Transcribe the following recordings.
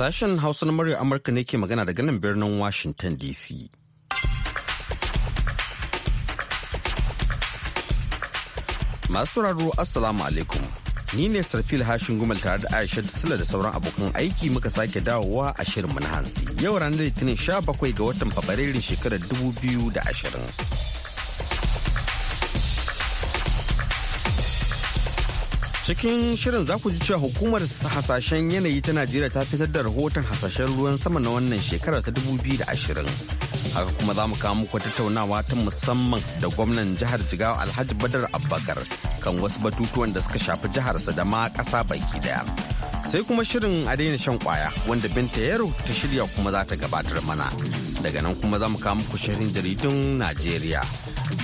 Sashen Hausa na murya Amurka ne ke magana daga nan birnin Washington DC. Masu raro Assalamu alaikum. Ni ne Sarfil Hashin Gumal tare da Aisha da Sula da sauran abokan aiki muka sake dawowa a shirin mu na hantsi. Yau ranar Litinin 17 ga watan Fabrairun shekarar 2020. cikin shirin za ku ji cewa hukumar hasashen yanayi ta najeriya ta fitar da rahoton hasashen ruwan sama na wannan shekara ta 2020 haka kuma za mu kawo muku tattaunawa ta musamman da gwamnan jihar jigawa alhaji badar abbakar kan wasu batutuwan da suka shafi jiharsa da ma ƙasa baki daya sai kuma shirin a daina shan kwaya wanda binta yaro ta shirya kuma za ta gabatar mana daga nan kuma za mu kawo muku shirin jaridun najeriya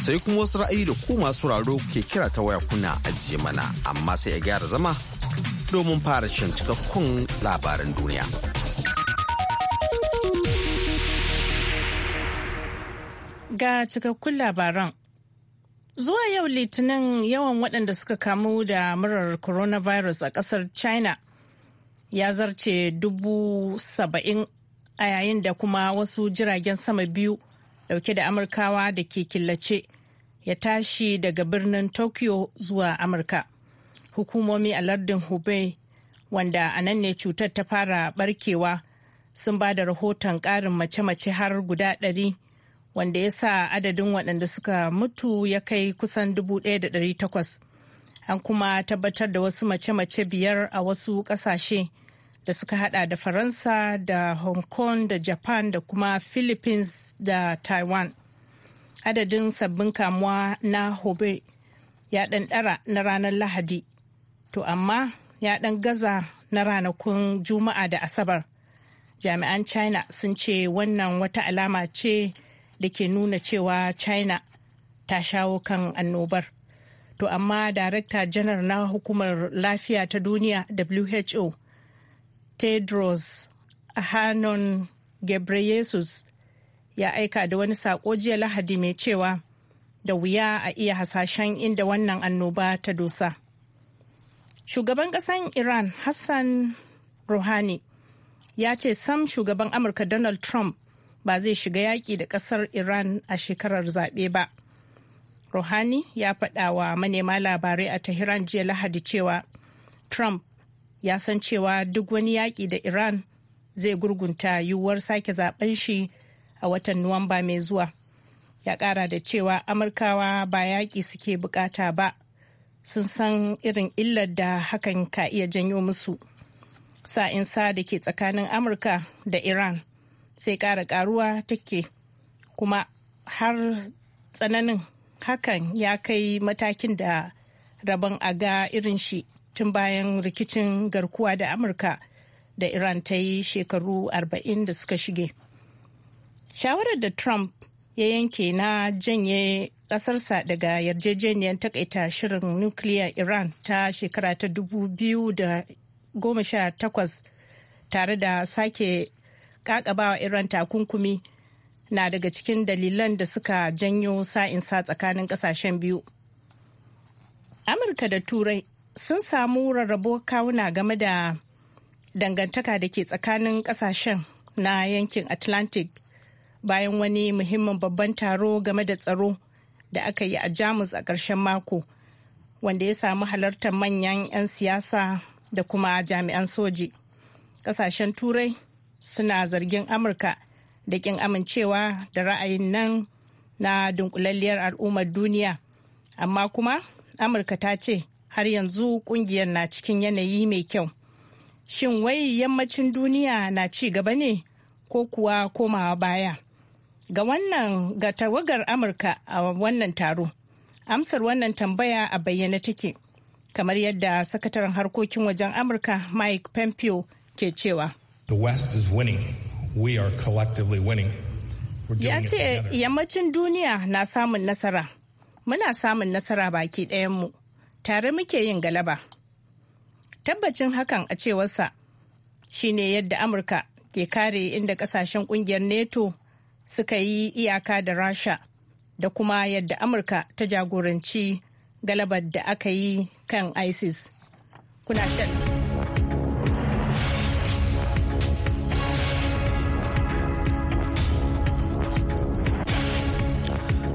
sai kuma wasu ra'ayi da ku masu raro ke kira ta waya kuna ajiye mana amma sai a gyara zama domin fara shan cikakkun labaran duniya. Ga cikakkun labaran. Zuwa yau Litinin yawan waɗanda suka kamu da murar coronavirus a ƙasar China ya zarce dubu saba'in a yayin da kuma wasu jiragen sama biyu dauke da Amurkawa da ke killace ya tashi daga birnin Tokyo zuwa Amurka. Hukumomi a lardin Hubei wanda a nan ne cutar ta fara barkewa sun ba da rahoton ƙarin mace-mace har guda ɗari wanda ya sa adadin waɗanda suka mutu ya kai kusan 1,800 an kuma tabbatar da wasu mace-mace biyar a wasu ƙasashe da suka hada da faransa da hong kong da japan da kuma philippines da taiwan adadin sabbin kamuwa na hobe ya ɗanɗara na ranar lahadi to amma ya ɗan gaza na ranakun juma'a da asabar jami'an china sun ce wannan wata alama ce da ke nuna cewa china ta shawo kan annobar to amma darakta janar na hukumar lafiya ta duniya who tedros ahanon gebreyesus ya aika da wani sako jiya lahadi mai cewa da wuya a iya hasashen inda wannan annoba ta dosa shugaban kasan iran hassan rouhani ya ce sam shugaban amurka donald trump ba zai shiga yaƙi da ƙasar iran a shekarar zaɓe ba Rouhani ya faɗa wa manema labarai a Tehran jiya Lahadi cewa Trump ya san cewa duk wani yaƙi da Iran zai gurgunta yiwuwar sake zaben shi a watan Nuwamba mai zuwa. Ya ƙara da cewa Amurkawa ba yaƙi suke bukata ba, sun san irin illar da hakan ka iya janyo musu. Sa'insa da ke tsakanin Amurka da Iran sai ƙara ƙaruwa take kuma har tsananin hakan ya kai matakin da rabon a ga irin shi tun bayan rikicin garkuwa da amurka da iran ta yi shekaru 40 da suka shige shawarar da trump ya yanke na janye kasarsa daga yarjejeniyar takaita shirin nukiliya iran ta shekara ta 2018 tare da sake kakabawa irin takunkumi na daga cikin dalilan da suka janyo sa'insa tsakanin kasashen biyu amurka da turai sun samu rarrabo kawuna game da dangantaka da ke tsakanin kasashen na yankin atlantic bayan wani muhimmin babban taro game da tsaro da aka yi a jamus a ƙarshen mako wanda ya samu halartar manyan 'yan siyasa da kuma jami'an soji ƙasashen turai suna zargin amurka da kin amincewa da ra'ayin nan na dunkulalliyar al'ummar duniya amma kuma amurka ta ce har yanzu kungiyar na cikin yanayi mai kyau shin wai yammacin duniya na ci gaba ne ko kuwa komawa baya ga wannan ga tawagar amurka a wannan taro amsar wannan tambaya a bayyana take kamar yadda sakataren harkokin wajen amurka mike pompeo ke cewa The West is Ya ce yammacin duniya na samun nasara. Muna samun nasara baki ɗayanmu. Tare muke yin galaba. Tabbacin hakan a cewarsa shi ne yadda Amurka ke kare inda ƙasashen ƙungiyar NATO suka yi iyaka da Rasha da kuma yadda Amurka ta jagoranci galabar da aka yi kan ISIS. Kuna shan.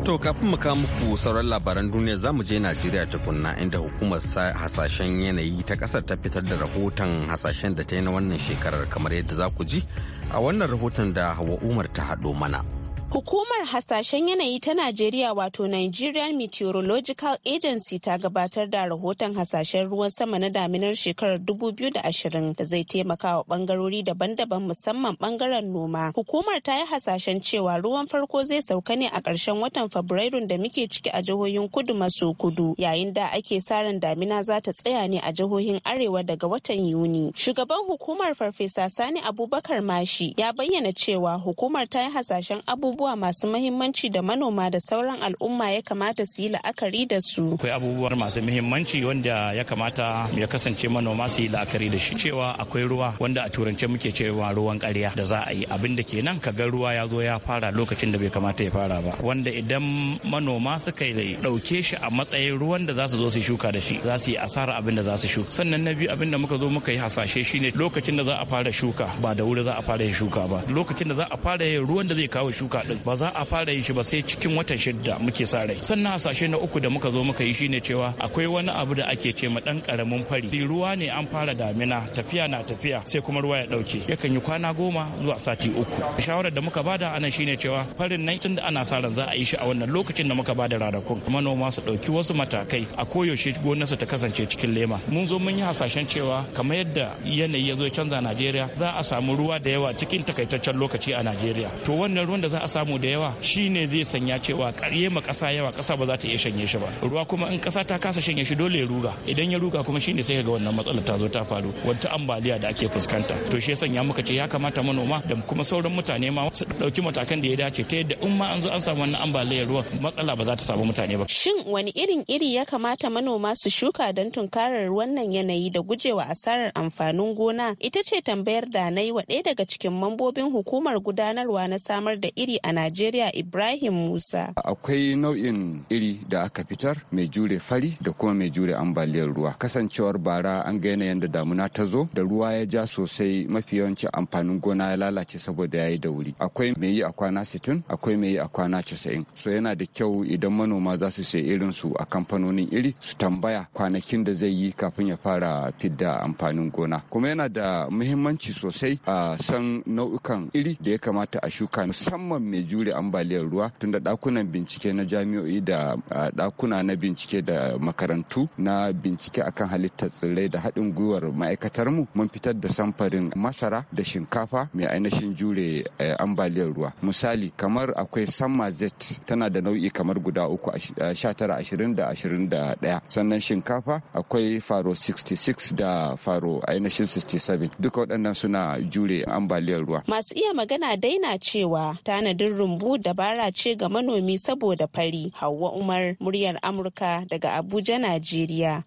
To kafin mu kawo muku sauran labaran duniya za mu je Najeriya tukunna inda hukumar hasashen yanayi ta kasar ta fitar da rahoton hasashen da ta yi na wannan shekarar kamar yadda za ku ji a wannan rahoton da Hawa Umar ta haɗo mana. Hukumar hasashen yanayi ta Najeriya wato Nigerian Meteorological Agency ta gabatar da rahoton hasashen ruwan sama na daminar shekarar 2020 da zai taimaka wa bangarori daban-daban musamman bangaren noma. Hukumar ta yi hasashen cewa ruwan farko zai sauka ne a ƙarshen watan Fabrairu da muke ciki a jihohin kudu maso kudu yayin da ake sa ran damina za ta tsaya ne a jihohin arewa daga watan Yuni. Shugaban hukumar Farfesa Sani Abubakar Mashi ya bayyana cewa hukumar ta yi hasashen abubuwa abubuwa masu mahimmanci da manoma da sauran al'umma ya kamata su yi la'akari da su. Akwai abubuwa masu mahimmanci wanda ya kamata ya kasance manoma su yi la'akari da shi. Cewa akwai ruwa wanda a turance muke cewa ruwan ƙarya da za a yi abin da kenan ka ga ruwa ya zo ya fara lokacin da bai kamata ya fara ba. Wanda idan manoma suka yi ɗauke shi a matsayin ruwan da za su zo su shuka da shi za su yi asara abin da za su shuka. Sannan na biyu abin da muka zo muka yi hasashe shine lokacin da za a fara shuka ba da wuri za a fara shuka ba. Lokacin da za a fara yin ruwan da zai kawo shuka din ba za a fara yin shi ba sai cikin watan shida muke sa rai sannan hasashe na uku da muka zo muka yi shine cewa akwai wani abu da ake ce ma dan karamin fari ruwa ne an fara damina tafiya na tafiya sai kuma ruwa ya dauke yakan yi kwana goma zuwa sati uku shawarar da muka bada anan shine cewa farin nan tun ana sa ran za a yi shi a wannan lokacin da muka bada ranakun manoma su dauki wasu matakai a koyaushe gonarsu ta kasance cikin lema mun zo mun yi hasashen cewa kamar yadda yanayi ya zo canza Najeriya za a samu ruwa da yawa cikin takaitaccen lokaci a Najeriya to wannan ruwan da za a samu samu da yawa ne zai sanya cewa karye ma kasa yawa kasa ba za ta iya shanye shi ba ruwa kuma in ƙasa ta kasa shanye shi dole ya ruga idan ya ruga kuma shine sai ga wannan matsalar ta zo ta faru wata ambaliya da ake fuskanta to shi ya sanya muka ce ya kamata manoma da kuma sauran mutane ma su dauki matakan da ya dace ta yadda in ma an zo an samu wannan ambaliyar ruwa matsala ba za ta samu mutane ba shin wani irin iri ya kamata manoma su shuka don tunkarar wannan yanayi da gujewa asarar amfanin gona ita ce tambayar da na yi wa ɗaya daga cikin mambobin hukumar gudanarwa na samar da iri a a Najeriya Ibrahim Musa. Akwai nau'in iri da aka fitar mai jure fari da kuma mai jure ambaliyar ruwa. Kasancewar bara an ga yanayin da damuna ta zo da ruwa ya ja sosai mafi yawanci amfanin gona ya lalace saboda ya yi da wuri. Akwai mai yi a kwana sitin akwai mai yi a kwana casa'in. So yana da kyau idan manoma za su sayi irin su a kamfanonin iri su tambaya kwanakin da zai yi kafin ya fara fidda amfanin gona. Kuma yana da muhimmanci sosai a san nau'ukan iri da ya kamata a shuka musamman mai iya jure ambaliyar ruwa tunda dakunan bincike na jami'o'i da dakuna na bincike da makarantu na bincike akan halittar tsirrai da haɗin gwiwar ma'aikatar mu mun fitar da samfarin masara da shinkafa mai ainihin jure eh, ambaliyar ruwa misali kamar akwai samma z tana da nau'i kamar guda uku sha tara ashirin da ashirin da ɗaya sannan shinkafa akwai faro 66 da faro ainihin 67 duka waɗannan suna jure ambaliyar ruwa masu iya magana daina cewa tana sanadin rumbu dabara ce ga manomi saboda fari. Hauwa Umar, muryar Amurka daga Abuja, Najeriya.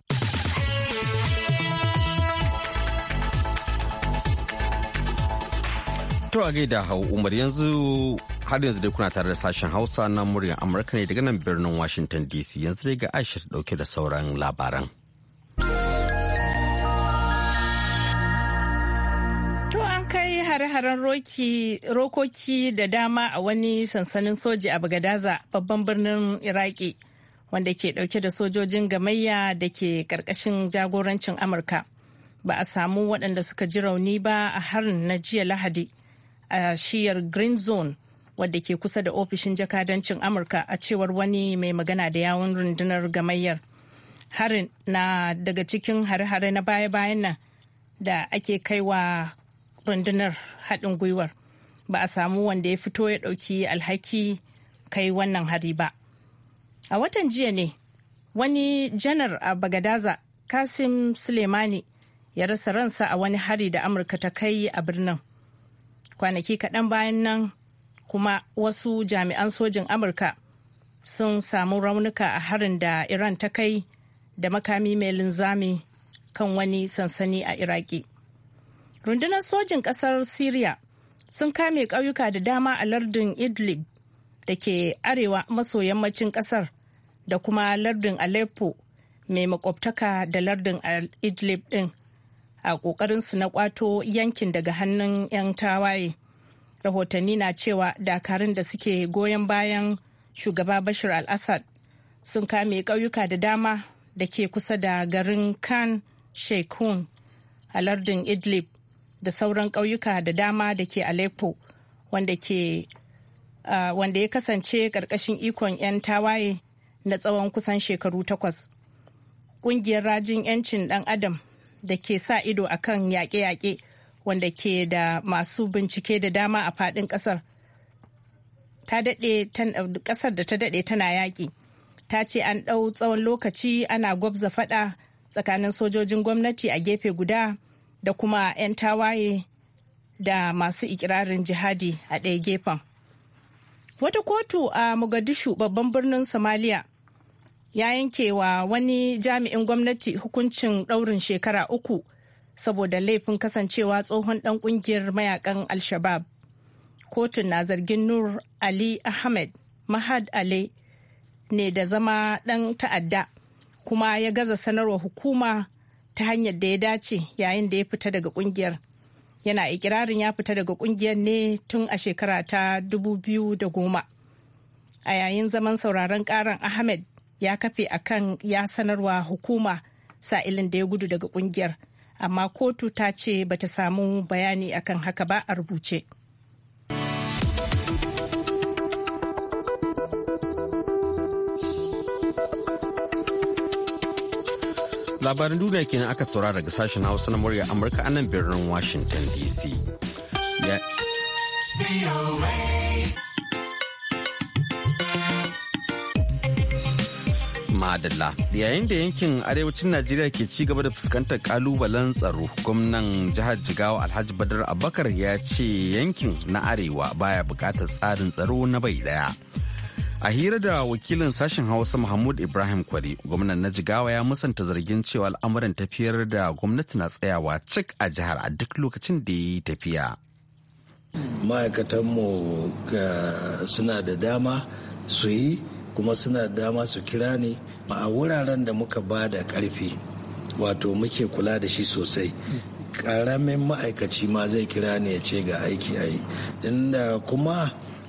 To a gaida hau Umar yanzu har yanzu dai kuna tare da sashen Hausa na muryar Amurka ne daga nan birnin Washington DC yanzu dai ga Aisha dauke da sauran labaran. sauraron rokoki da dama a wani sansanin soji a Bagadaza babban birnin Iraki wanda ke dauke da sojojin gamayya da ke karkashin jagorancin Amurka. Ba a samu waɗanda suka ji rauni ba a harin na jiya Lahadi a shiyar Green Zone wadda ke kusa da ofishin jakadancin Amurka a cewar wani mai magana da yawon rundunar gamayyar. Harin na daga cikin hare-hare na baya-bayan nan da ake kaiwa rundunar haɗin gwiwar ba a samu wanda ya fito ya ɗauki alhaki kai wannan hari ba a watan jiya ne wani janar a bagadaza kasim suleimani ya rasa ransa a wani hari da amurka ta kai a birnin kwanaki kaɗan bayan nan kuma wasu jami'an sojin amurka sun samu raunuka a harin da iran ta kai da makami mai linzami kan wani sansani a iraki rundunar sojin kasar syria sun kame ƙauyuka da dama a lardin idlib da ke arewa maso yammacin kasar da kuma lardin aleppo mai makwabtaka da lardin idlib din a ƙoƙarinsu na kwato yankin daga hannun 'yan tawaye rahotanni na cewa dakarun da suke goyon bayan shugaba bashir al-assad sun kame ƙauyuka da dama da ke kusa da garin khan sheikhun a lardin idlib da sauran ƙauyuka da dama da ke Aleppo wanda ke wanda ya kasance ƙarƙashin ikon 'yan tawaye na tsawon kusan shekaru takwas. Ƙungiyar rajin 'yancin ɗan adam da ke sa ido a kan yaƙe-yaƙe wanda ke da masu bincike da dama a faɗin ƙasar. Ƙasar da ta daɗe tana yaƙi. Ta ce an ɗau tsawon lokaci ana gwabza faɗa tsakanin sojojin gwamnati a gefe guda da kuma 'yan tawaye da masu ikirarin jihadi a ɗaya gefen. Wata kotu a Mogadishu babban birnin Somalia ya yanke wa wani jami'in gwamnati hukuncin ɗaurin shekara uku saboda laifin kasancewa tsohon ɗan ƙungiyar mayakan al-shabab kotun na zargin nur ali ahmed mahad Ale ne da zama ɗan ta'adda kuma ya gaza sanarwa hukuma ta hanyar da ya dace yayin da ya fita daga kungiyar yana ikirarin ya fita daga kungiyar ne tun a shekara ta dubu biyu da goma a yayin zaman sauraron karan ahmed ya kafe akan ya sanarwa hukuma sa'ilin da ya gudu daga kungiyar amma kotu ta ce bata samu bayani akan haka ba a rubuce. labaran duniya kenan aka tsora daga sashen hausa na murya amurka a nan birnin washington dc madalla yayin da yankin arewacin najeriya ke ci gaba da fuskantar kalubalen tsaro gwamnan jihar jigawa alhaji badar abakar ya ce yankin na arewa baya bukatar tsarin tsaro na bai daya a hira da wakilin sashen hausa mahmud ibrahim kwari gwamnan na jigawa ya musanta zargin cewa al'amuran tafiyar da gwamnati na tsayawa cik a jihar a duk lokacin da ya yi tafiya ma'aikatanmu suna da dama su yi kuma suna da dama su kira ni a wuraren da muka ba da karfi wato muke kula da shi sosai karamin ma'aikaci ma zai kira ne ya ce ga aiki a yi kuma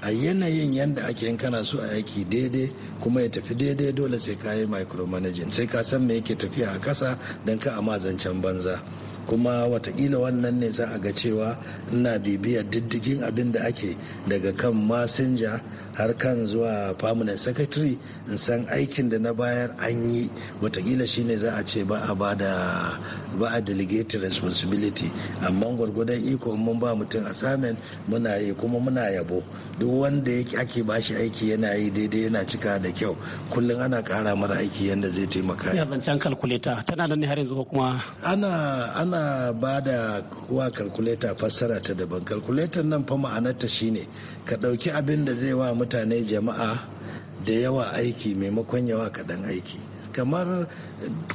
a yanayin yadda ake yin kana so a aiki daidai kuma ya tafi daidai dole sai ka yi micromanaging sai ka san me yake tafiya a kasa don ka a zancen banza kuma watakila wannan ne za a ga cewa ina bibiyar diddigin abin da ake daga kan masinja har kan zuwa permanent secretary in san aikin da na bayar an yi watakila shine za a ce ba a ba da ba a delegated responsibility amma gwargwadon iko mun ba mutum assignment muna yi kuma muna yabo duk wanda ake ba shi aiki yana yi daidai yana cika da kyau kullum ana kara mara aiki yadda zai taimaka ya zancen kalkuleta tana da ne har yanzu kuma ana ba da kuwa kalkuleta fassara ta daban kalkuletan nan fa ma'anarta shine ka ɗauki abin da zai wa mutane jama'a da yawa aiki maimakon yawa kaɗan aiki kamar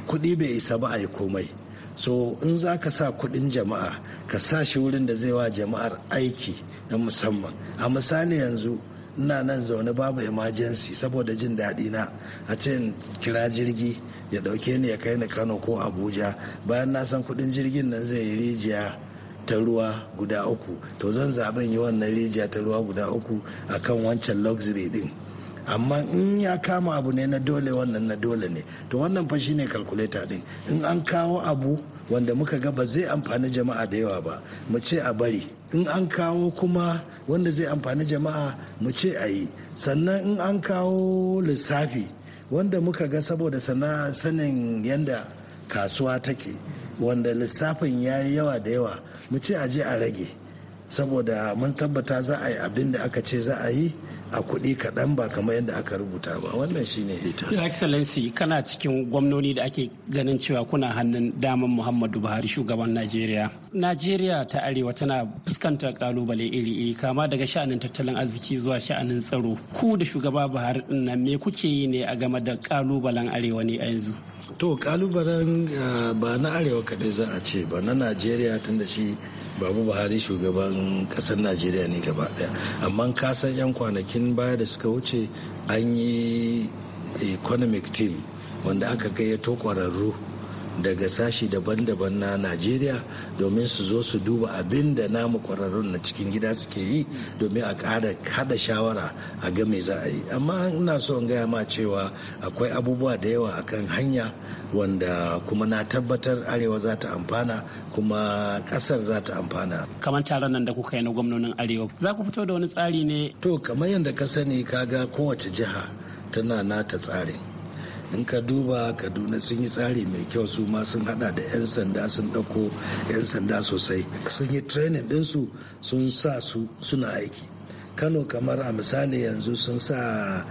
kuɗi bai isa ba a yi komai so in za ka sa kuɗin jama'a ka sa shi wurin da zai wa jama'ar aiki na musamman a misali yanzu ina nan zaune babu emergency saboda jin daɗi na a ce kira jirgi ya ɗauke ni ya kai ni kano ko abuja bayan na san kuɗin jirgin nan zai yi rijiya ta ruwa guda uku to zan zaben yi wannan rijiya ta ruwa guda uku akan wancan luxury din amma in ya kama abu ne na dole wannan na dole ne to wannan fa shine calculator din in an kawo abu wanda muka ga ba zai amfani jama'a da yawa ba mu ce a bari in an kawo kuma wanda zai amfani jama'a mu ce a yi sannan in an kawo lissafi wanda muka ga saboda sana sanin yanda kasuwa take wanda lissafin ya yi yawa da yawa mu ce a je a rage saboda mun tabbata za a yi abin da aka ce za a yi a kuɗi kaɗan ba kamar yadda aka rubuta ba wannan shine Your Excellency kana cikin gwamnoni da ake ganin cewa kuna hannun daman Muhammadu Buhari shugaban Najeriya. Najeriya ta arewa tana fuskantar kalubale iri-iri kama daga sha'anin tattalin arziki zuwa sha'anin tsaro. Ku da shugaba Buhari din me kuke yi ne a game da kalubalen arewa ne a yanzu? to kalubalen eh, ba na arewa kadai za a ce ba na najeriya tun da shi babu buhari shugaban kasar najeriya ne gaba daya amma kasan yan kwanakin baya da suka wuce an yi economic team wanda aka gayyato kwararru daga sashi daban-daban na najeriya domin su zo su duba abin da namu kwararrun na cikin gida suke yi domin a kada hada shawara a ga me za a yi amma ina so in gaya ma cewa akwai abubuwa da yawa akan hanya wanda kuma na tabbatar arewa za ta amfana kuma kasar za ta amfana kamar taron nan da kuka yi na gwamnonin arewa za ku fito da wani tsari ne to kamar yadda ka sani ka ga kowace jiha tana nata tsarin in ka duba kaduna sun yi tsari mai kyau su ma sun hada da 'yan sanda sun ɗauko 'yan sanda sosai sun yi training ɗinsu sun sa su suna aiki kano kamar a misali yanzu sun sa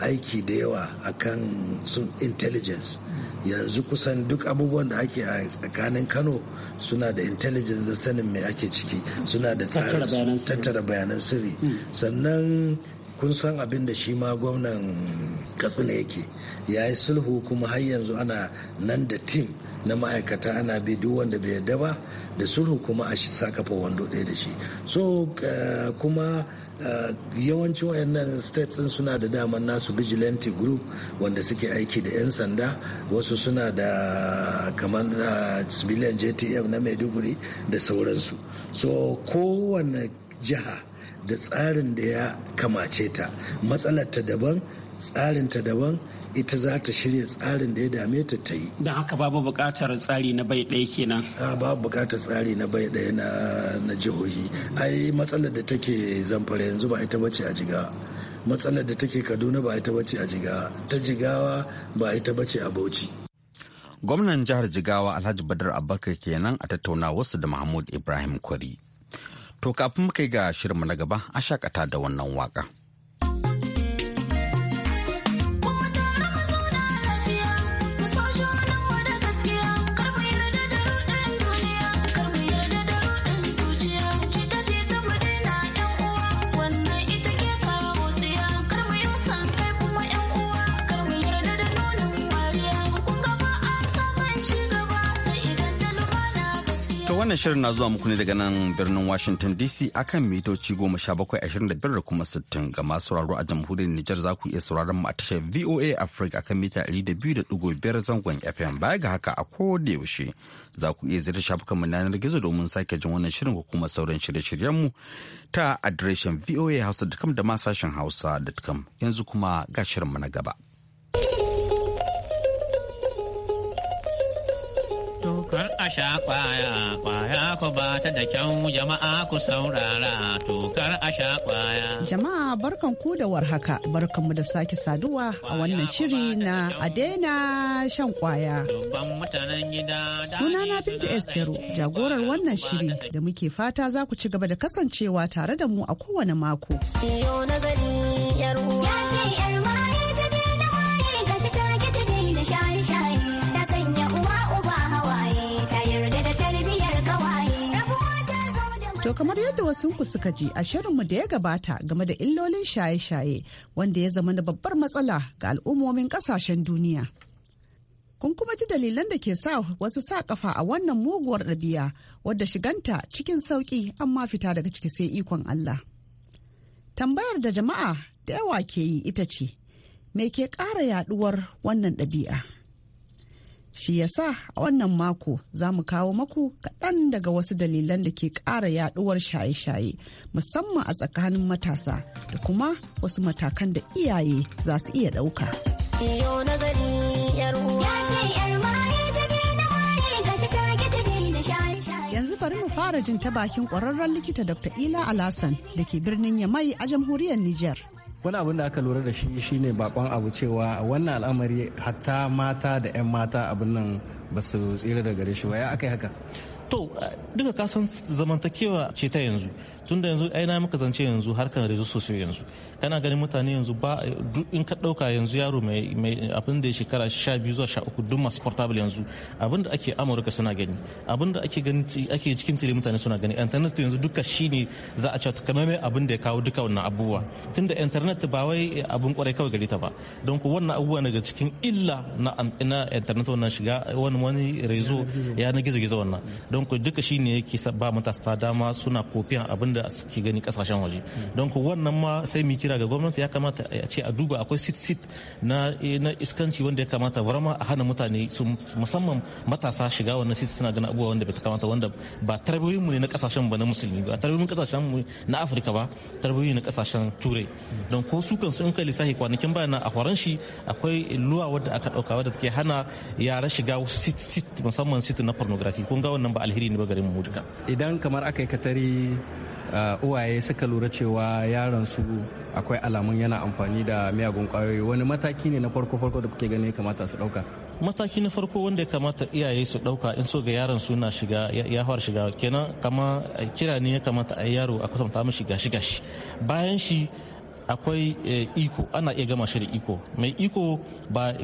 aiki da yawa akan sun intelligence yanzu kusan duk abubuwan da ake a tsakanin kano suna da intelligence da sanin mai ake ciki suna da tsarin tattara bayanan sirri hmm. sannan kun san abin da shi ma gwamnan katsina yake ya yi sulhu kuma har yanzu ana nan da tim na ma'aikata ana bi duk wanda bai yarda ba da sulhu kuma a sa wando ɗaya da shi so eh, kuma eh, yawancin wayannan states din suna da daman nasu vigilante group wanda suke aiki da 'yan sanda wasu suna da kamar eh, civilian jtf na maiduguri da sauransu so kowane jiha da tsarin da ya kamace ta matsalar ta daban tsarin ta daban ita za ta shirya tsarin da ya dame ta ta yi. Don haka babu buƙatar tsari na bai ɗaya kenan. babu buƙatar tsari na bai ɗaya na jihohi. Ai matsalar da take zamfara yanzu ba ita bace a jigawa. Matsalar da take Kaduna ba ita bace a jigawa. Ta jigawa ba ita bace a Bauchi. Gwamnan jihar Jigawa Alhaji Badar Abubakar kenan a tattauna wasu da Mahmud Ibrahim Kwari. To kafin muka kai ga shirinmu na gaba a shakata da wannan waka. Wannan shirin na zuwa muku ne daga nan birnin Washington DC akan mitoci 1725 da kuma 60 ga masu sauraro a jamhuriyar Nijar za ku iya sauraron mu a tashar VOA Africa akan mita 200.5 zangon FM baya ga haka a koda yaushe za ku iya zira shafukan mu yanar gizo domin sake jin wannan shirin ko kuma sauran shirye-shiryen mu ta adireshin voahausa.com da ma sashen hausa.com yanzu kuma ga shirin mu na gaba. Kar a sha kwaya, kwaya ku ba ta da kyau jama'a ku saurara to kar a sha kwaya. Jama'a barkan ku da warhaka, barkan mu da sake saduwa a wannan shiri na adena shan kwaya. Sunana Binta Esero, jagorar wannan shiri da muke fata za ku ci gaba da kasancewa tare da mu a kowane mako. Yau nazari, yar uwa. Ya ce yar kamar yadda wasunku suka ji a shirinmu da ya gabata game da illolin shaye-shaye wanda ya zama da babbar matsala ga al'ummomin kasashen duniya. Kun kuma ji dalilan da ke sa wasu sa kafa a wannan muguwar ɗabi'a wadda shiganta cikin sauƙi amma fita daga ciki sai ikon Allah. Tambayar da jama'a da yawa ke yi ita ce, me ke ƙara yaɗuwar wannan ɗabi'a? Shi ya sa a wannan mako za mu kawo maku kaɗan daga wasu dalilan da ke ƙara yaɗuwar shaye-shaye musamman a tsakanin matasa da kuma wasu matakan da iyaye za su iya ɗauka. yanzu bari mu fara jin ta bakin kwararren likita Dr. Ila Alasan da ke birnin Yamai a jamhuriyar Niger. wani abin da aka lura da shi shine bakon abu cewa wannan al'amari hatta mata da 'yan mata abin nan ba su tsira da shi ba ya aka yi haka to duka kasan zamantakewa ce ta yanzu tun da yanzu ai na muka zance yanzu harkar rezo sosai yanzu kana ganin mutane yanzu ba duk in ka dauka yanzu yaro mai mai abin da ya shekara 12 zuwa 13 duk masu portable yanzu abin da ake amurka suna gani abin da ake gani ake cikin tire mutane suna gani internet yanzu duka shine za a ce kamar mai abin da ya kawo duka wannan abubuwa tun da internet ba wai abin kwarai kawai gari ta ba don ku wannan abubuwa daga cikin illa na internet wannan shiga wani wani rezo ya na gizo gizo wannan don ku duka shine yake ba matasa dama suna kofiyan abin wanda suke gani kasashen waje don ku wannan ma sai mu kira ga gwamnati ya kamata a ce a duba akwai sit sit na eh, iskanci wanda ya kamata barama a hana mutane musamman matasa shiga wannan sit suna ganin abubuwa wanda bai kamata wanda ba tarbiyoyin mu ne na kasashen ba na musulmi ba tarbiyoyin kasashen mu na afirka ba tarbiyoyin na kasashen turai don ko su kansu in kai lissafi kwanakin bayan a horon shi akwai luwa wadda aka dauka wadda take hana yara shiga sit sit musamman sit na pornography kun ga wannan ba alheri ne ba garin mu duka idan kamar aka yi katari Uh, uwaye suka lura cewa yaran su akwai alamun yana amfani da miyagun kwayoyi wani mataki ne na farko farko da kuke gani kamata su dauka mataki na farko wanda ya kamata iyaye su dauka in so ga yaron na shiga ya fara shiga kenan kama kira ne ya kamata a yaro a kwatanta mishi gashi gashi bayan shi akwai eh, iko ana iya gama shi da iko mai iko ba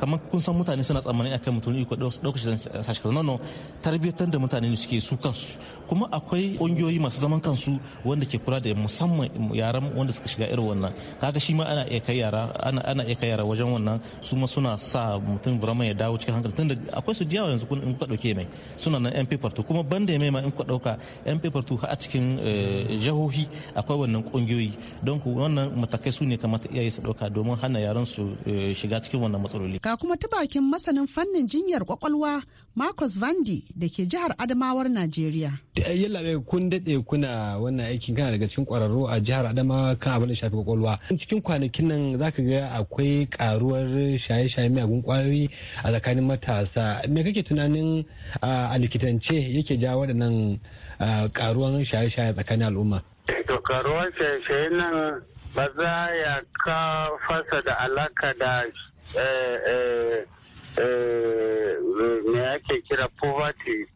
kamar kun san mutane suna tsammani akan mutum iko ɗaukar sashi kaza nono tarbiyyar da mutane ne suke su kansu kuma akwai ƙungiyoyi masu zaman kansu wanda ke kula da musamman yaran wanda suka shiga irin wannan kaga shi ma ana iya kai yara ana iya kai yara wajen wannan su ma suna sa mutum vraiment ya dawo cikin hankali tunda akwai su jiya yanzu in kuka dauke mai suna nan yan paper to kuma banda mai ma in kuka dauka yan paper to a cikin eh, jahohi akwai wannan ƙungiyoyi don ku wannan matakai su ne kamata iyaye su dauka domin hana yaran su eh, shiga cikin wannan matsaloli. Ka kuma ta bakin masanin fannin jinyar kwakwalwa Marcus Vandi da ke jihar Adamawar Najeriya. Da ayi labe kun dade kuna wannan aikin kana daga cikin kwararru a jihar Adamawa kan abin da shafi kwakwalwa. Cikin kwanakin nan zaka ga akwai karuwar shaye-shaye miyagun kwayoyi a tsakanin matasa. Me kake tunanin a likitance yake jawo waɗannan karuwan shaye-shaye tsakanin al'umma? To karuwan shaye-shaye nan ba za ya ka fasa da alaka da eh, eh, eh, me ake kira poverty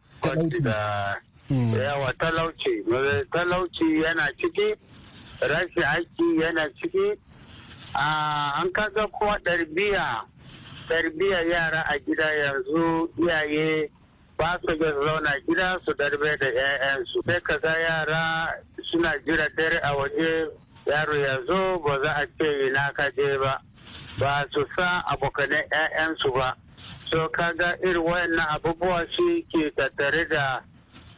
da hmm. yawa talauci talauci yana ciki rashin aiki yana ciki ah, an kaga kuma ɗarbiya ɗarbiya yara a gida yanzu iyaye ba su ga zauna gida su darbe da 'ya'yansu sai kaga yara suna jira dare a waje yaro ya zo ba za a ce ina ka je ba ba su sa abokanan 'ya'yansu ba so kaga irin wayannan abubuwa shi ke tattare da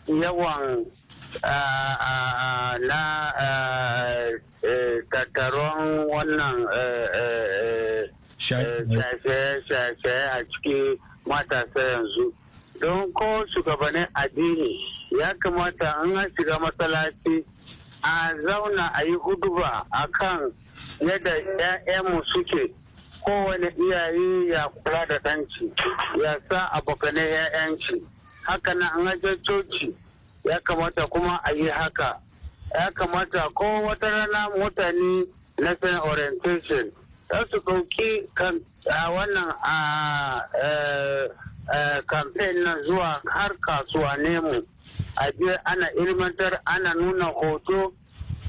yawan na e, tattaron wannan e, e, shaye-shaye a cikin matasa yanzu don ko shugabannin addini ya kamata an shiga matsalaci a zauna a yi huduba a kan yadda 'ya'yanmu suke kowane iyaye ya kula da ɗanci ya sa abokanai 'ya'yanci haka na an coci ya kamata kuma a yi haka ya kamata ko wata rana mutane na sanar orientation za su ɗauki wannan a eh, eh, na zuwa har kasuwa nemu a je ana ilmantar ana nuna hoto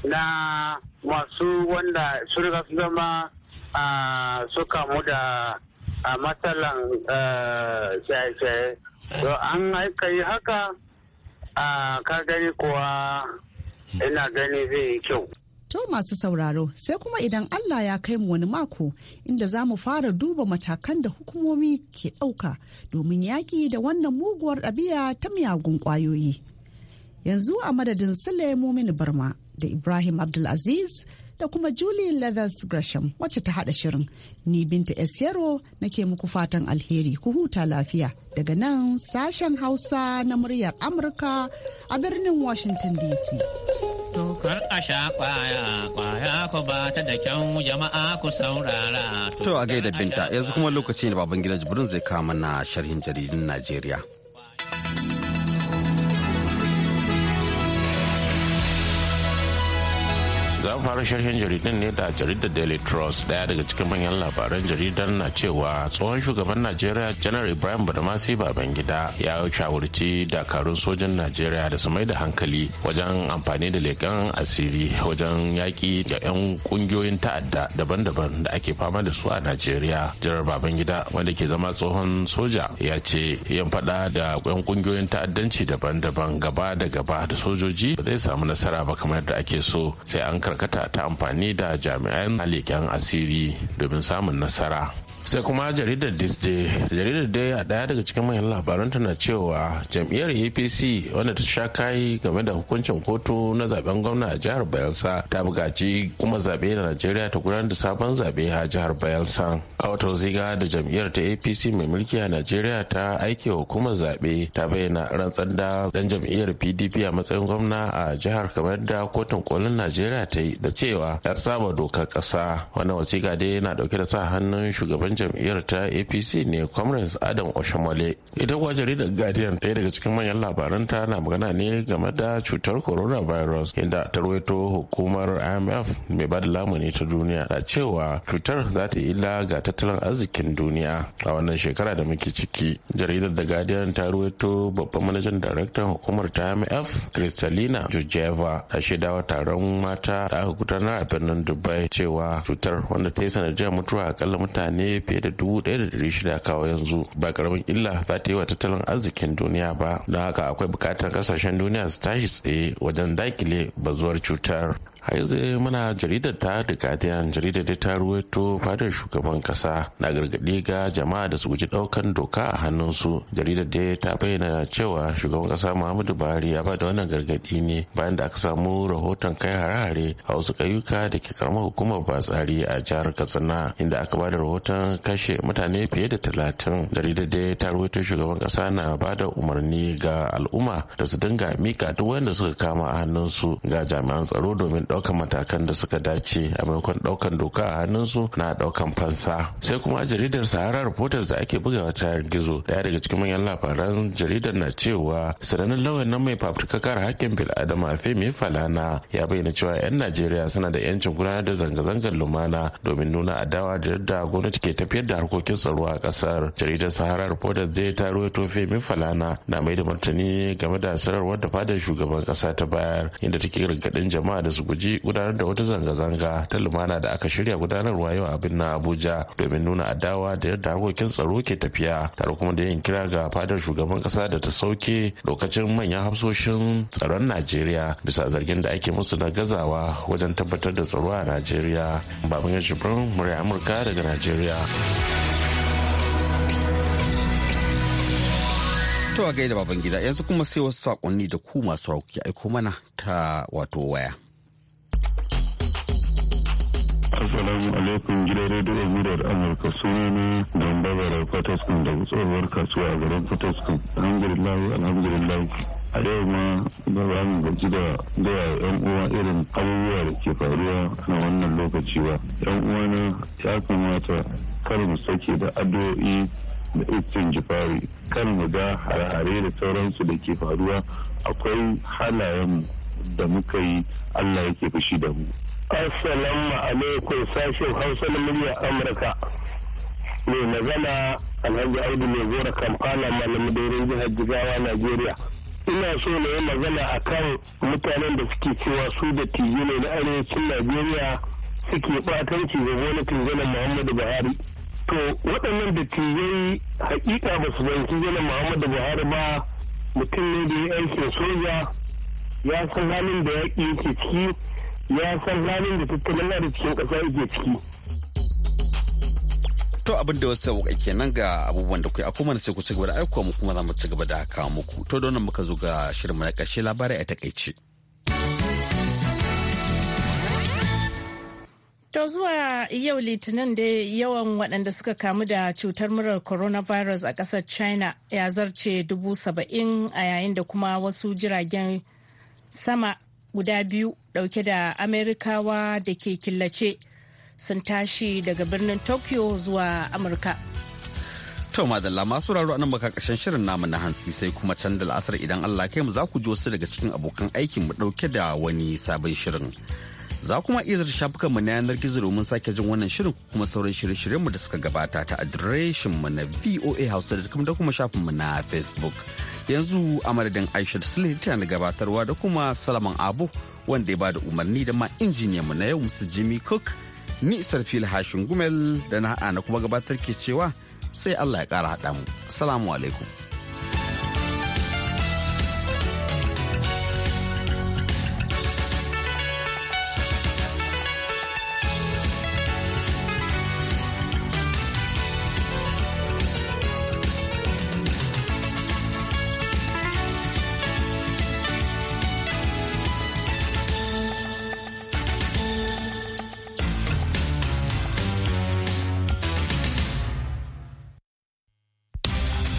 na masu wanda su su zama su kamu da matsalan shaye-shaye to an aika yi haka ka gani kuwa ina gani zai yi kyau To masu sauraro sai kuma idan Allah ya kai mu wani mako inda za mu fara duba matakan da hukumomi ke ɗauka domin yaki da wannan muguwar ɗabi'a ta miyagun ƙwayoyi. yanzu a madadin sule mumini barma da ibrahim abdulaziz da kuma julie leathers gresham wacce ta haɗa shirin ni binta esiyaro nake muku fatan alheri ku huta lafiya daga nan sashen hausa na muryar amurka a birnin washington dc Tukar a sha kwaya, kwaya ku ba ta da kyau jama'a ku saurara. To a gaida binta, yanzu kuma lokacin da baban gida zai kama na sharhin jaridun Najeriya. Is that fara sharhin jaridan ne da jaridar daily trust daya daga cikin manyan labaran jaridar na cewa tsohon shugaban najeriya janar ibrahim badamasi babangida ya shawarci dakarun sojan najeriya da su mai da hankali wajen amfani da leƙen asiri wajen yaƙi da 'yan ƙungiyoyin ta'adda daban-daban da ake fama da su a najeriya jirar babangida wanda ke zama tsohon soja ya ce yan faɗa da 'yan ƙungiyoyin ta'addanci daban-daban gaba da gaba da sojoji ba zai samu nasara ba kamar yadda ake so sai an karkata kamata ta amfani da jami'an leƙen asiri domin samun nasara sai kuma jaridar disney jaridar dai a daya daga cikin manyan labaran na cewa jam'iyyar apc wanda ta sha kayi game da hukuncin kotu na zaben gwamna a jihar bayelsa ta buƙaci kuma zaɓe na najeriya ta gudanar da sabon zaɓe a jihar bayelsa a wata ziga da jam'iyyar ta apc mai mulki a najeriya ta aike hukumar zaɓe ta bayyana rantsar da dan jam'iyyar pdp a matsayin gwamna a jihar kamar da kotun kolin najeriya ta yi da cewa ya saba dokar ƙasa wannan wasiƙa dai yana ɗauke da sa hannun shugaban jam'iyyar ta apc ne comrades adam oshomole ita kuwa jaridar guardian ɗaya daga cikin manyan labaran ta na magana ne game da cutar coronavirus inda ta ruwaito hukumar imf mai da lamuni ta duniya da cewa cutar za ta illa ga tattalin arzikin duniya a wannan shekara da muke ciki jaridar da guardian ta ruwaito babban manajan daraktan hukumar ta imf kristalina jujeva ta shaidawa taron mata da aka gudanar a birnin dubai cewa cutar wanda ta yi sanadiyar mutuwa akalla mutane fiye da dubu ɗaya da ɗari shida kawo yanzu ba karamin illa za ta yi wa tattalin arzikin duniya ba don haka akwai buƙatar ƙasashen duniya su tashi tsaye wajen dakile bazuwar cutar A yanzu muna jaridar ta da guardian jaridar da ta ruwaito fadar shugaban kasa na gargaɗi ga jama'a da su guji ɗaukan doka a hannunsu jaridar da ta bayyana cewa shugaban kasa muhammadu buhari ya bada wannan gargaɗi ne bayan da aka samu rahoton kai hare-hare a wasu ƙauyuka da ke karamar hukumar batsari a jihar katsina inda aka bada rahoton kashe mutane fiye da talatin jaridar da ta ruwaito shugaban kasa na bada umarni ga al'umma da su dinga mika duk wanda suka kama a hannunsu ga jami'an tsaro domin ɗaukar ɗaukan matakan da suka dace a maimakon ɗaukan doka a hannunsu na ɗaukan fansa sai kuma a jaridar sahara reporters da ake bugawa ta yar gizo ɗaya daga cikin manyan labaran jaridar na cewa sanannen lauyan nan mai fafutuka kare hakkin adama femi falana ya bayyana cewa 'yan najeriya suna da 'yancin gudanar da zanga-zangar lumana domin nuna adawa da yadda gwamnati ke tafiyar da harkokin tsaro a kasar jaridar sahara reporters zai ta ruwaito femi falana na mai da martani game da sanarwar da fadar shugaban kasa ta bayar inda take gargaɗin jama'a da su guji gaji gudanar da wata zanga-zanga ta lumana da aka shirya gudanarwa yau abin na abuja domin nuna adawa da yadda harkokin tsaro ke tafiya tare kuma da yin kira ga fadar shugaban kasa da ta sauke lokacin manyan hafsoshin tsaron najeriya bisa zargin da ake musu na gazawa wajen tabbatar da tsaro a najeriya babban ya shifrin murya amurka daga najeriya Tawa gaida baban yanzu kuma sai wasu saƙonni da ku masu rauki aiko mana ta wato waya Assalamu alaikum gidan rediyo murar Amurka suna ne don bazara Fataskun da tsohuwar kasuwa a garin Fataskun. Alhamdulillah, alhamdulillah. A yau ma ba za mu gaji da gaya yan uwa irin abubuwa da ke faruwa na wannan lokaci ba. Yan uwa na ya kamata kar mu sake da addu'o'i da istin jifari kar mu ga hare-hare da sauransu da ke faruwa akwai halayen da muka yi Allah yake fushi da mu. Assalamu alaikum sashen Hausa na murya Amurka. Mai magana Alhaji Audu mai gora Kampala malamin dorin jihar Jigawa Najeriya. Ina so na yi magana akan mutanen da suke cewa su da tiji ne na arewacin Najeriya suke batanci ga gwamnatin zanen Muhammadu Buhari. To waɗannan da tijai hakika ba su banki zanen Muhammadu Buhari ba mutum ne da ya aikin soja ya san halin da yaƙi yake ciki ya san halin da tattalin da cikin ƙasa yake ciki to abin da wasu sauƙa nan ga abubuwan da kai a kuma sai ku ci gaba da aikuwa mu kuma za mu ci gaba da kawo muku to da wannan muka zo ga shirin na ƙarshe labarai a takaice. To zuwa yau litinin da yawan waɗanda suka kamu da cutar murar coronavirus a ƙasar China ya zarce dubu saba'in a yayin da kuma wasu jiragen sama guda biyu dauke da amerikawa da ke killace sun tashi daga birnin tokyo zuwa amurka To madalla masu raro anan baka kashin shirin namu na hantsi sai kuma can da la'asar idan Allah kai mu za ku ji wasu daga cikin abokan aikin mu dauke da wani sabon shirin. Za kuma iya shafukan mu na yanar gizo domin sake jin wannan shirin kuma sauran shirye-shiryen mu da suka gabata ta adireshin mu na voa hausa da kuma shafin mu na facebook. yanzu a madadin aisha sule tana gabatarwa da kuma salaman abu wanda ya ba da umarni da ma injiniyan mu na yau mr jimmy cook ni sarfil hashin gumel da na na kuma gabatar ke cewa sai allah ya kara haɗa mu salamu alaikum